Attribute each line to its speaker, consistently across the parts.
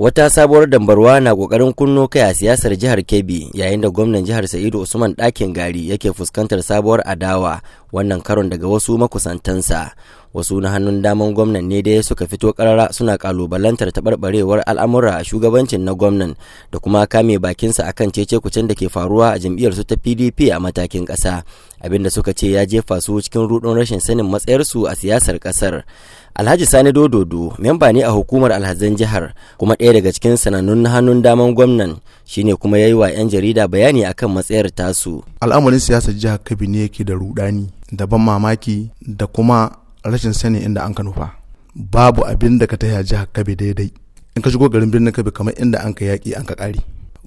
Speaker 1: Wata sabuwar dambarwa na kokarin kunno kai a siyasar jihar Kebbi yayin da gwamnan jihar Sa'idu Usman ɗakin gari yake fuskantar sabuwar adawa wannan karon daga wasu makusantansa. wasu na hannun daman gwamnan ne dai suka fito karara suna kalubalantar taɓarɓarewar al'amura a shugabancin na gwamnan da kuma kame bakinsa akan cece kucin da ke faruwa a jam'iyyar su ta pdp a matakin ƙasa da suka ce ya jefa su cikin rudon rashin sanin matsayarsu a siyasar ƙasar alhaji sani dododo memba ne a hukumar alhazan jihar kuma ɗaya daga cikin sanannun hannun daman gwamnan shine kuma ya yi wa 'yan jarida bayani akan matsayar tasu
Speaker 2: al'amarin siyasar jihar kabi ne yake da rudani da ban mamaki da kuma rashin sani inda an ka nufa babu abin da ka taya jihar kabe daidai in ka shigo garin birnin kabi kamar inda an ka yaƙi an ka ƙari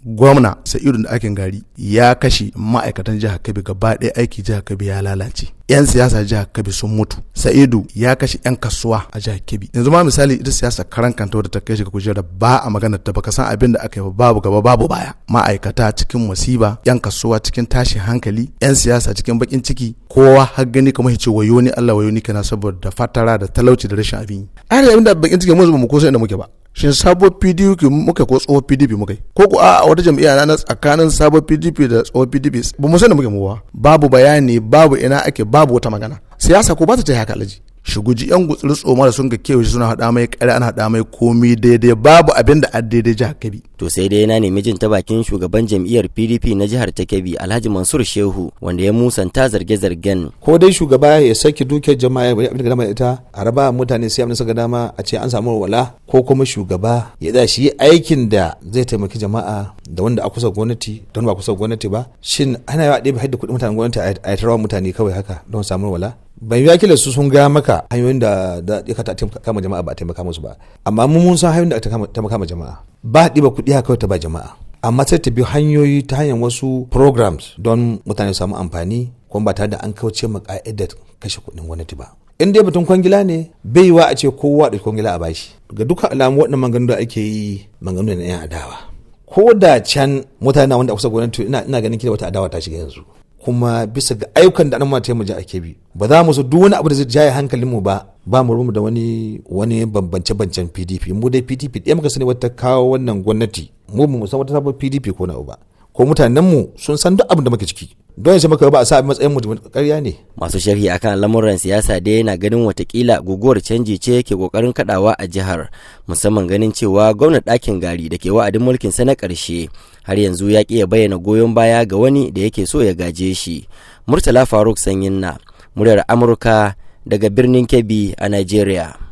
Speaker 2: gwamna sa'idu da aikin gari ya kashe ma'aikatan jihar kabi gaba ɗaya aiki jihar kabi ya lalace yan siyasa jihar kabi sun mutu sa'idu ya kashe yan kasuwa a jihar kabi yanzu ma misali ita siyasa karan kanta da ta kai shi ga da ba a magana ta baka san abin da aka yi babu gaba babu baya ma'aikata cikin masiba yan kasuwa cikin tashin hankali yan siyasa cikin bakin ciki kowa har gani kamar ce wayo ni Allah wayo ni kana saboda fatara da talauci da rashin abin ai da abin da bakin ciki mu zuba mu ko sai inda muke ba shin sabo pdp muka ko tsohon pdp muka ko ko a wata jam'iyya na tsakanin sabuwar pdp da tsohon pdp ba mu sani muke mu ba babu bayani babu ina ake babu wata magana siyasa ko ba ta ta haka alaji shi guji yan gutsuri tsoma da sun ga kewaye suna hada mai kare ana hada mai komi daidai babu abin
Speaker 1: da an daidai jihar Kebbi. To sai dai na nemi jin ta bakin shugaban jam'iyyar PDP na jihar ta Kebbi Alhaji Mansur Shehu wanda ya musanta zarge-zargen. Ko dai shugaba ya saki dukiyar jama'a ya
Speaker 3: abin da ita a raba mutane sai abin da dama a ce an samu wala ko kuma shugaba ya da shi aikin da zai taimaki jama'a da wanda a kusa gwamnati don ba kusa gwamnati ba shin ana yawa ɗebe haɗe kuɗin mutane gwamnati a tarawa mutane kawai haka don samu wala ban yi kila su sun gaya maka hanyoyin da da ka taimaka ma jama'a ba a taimaka musu ba amma mun mun san hanyoyin da aka taimaka ma jama'a ba ɗiba kuɗi haka ta ba jama'a amma sai ta bi hanyoyi ta hanyar wasu programs don mutane su samu amfani ko ba tare da an kauce ma ka'idar kashe kuɗin gwamnati ba in dai batun kwangila ne bai wa a ce kowa da kwangila a bashi ga dukkan alamu waɗannan maganganu da ake yi maganganu na yan adawa ko da can mutane wanda a kusa gwamnati ina ganin kila wata adawa ta shiga yanzu kuma bisa ga ayyukan da al'umma ta mu ji ake bi ba za mu so duk wani abu da zai jaye hankalin mu ba ba mu rumu da wani wani bambance bancen PDP mu dai PDP ɗaya muka sani wata kawo wannan gwamnati mu mu san wata sabon PDP ko na ba ko mutanen mu sun san duk abin da muke ciki don yanzu muka ba a sa matsayin mutum karya
Speaker 1: ne masu sharhi akan lamuran siyasa dai yana ganin watakila guguwar canji ce ke kokarin kadawa a jihar musamman ganin cewa gwamnan dakin gari da ke wa'adin mulkin sa na karshe har yanzu ya ƙi ya bayyana goyon baya ga wani da yake so ya gaje shi murtala faruk sanyin na muryar amurka daga birnin kebbi a nigeria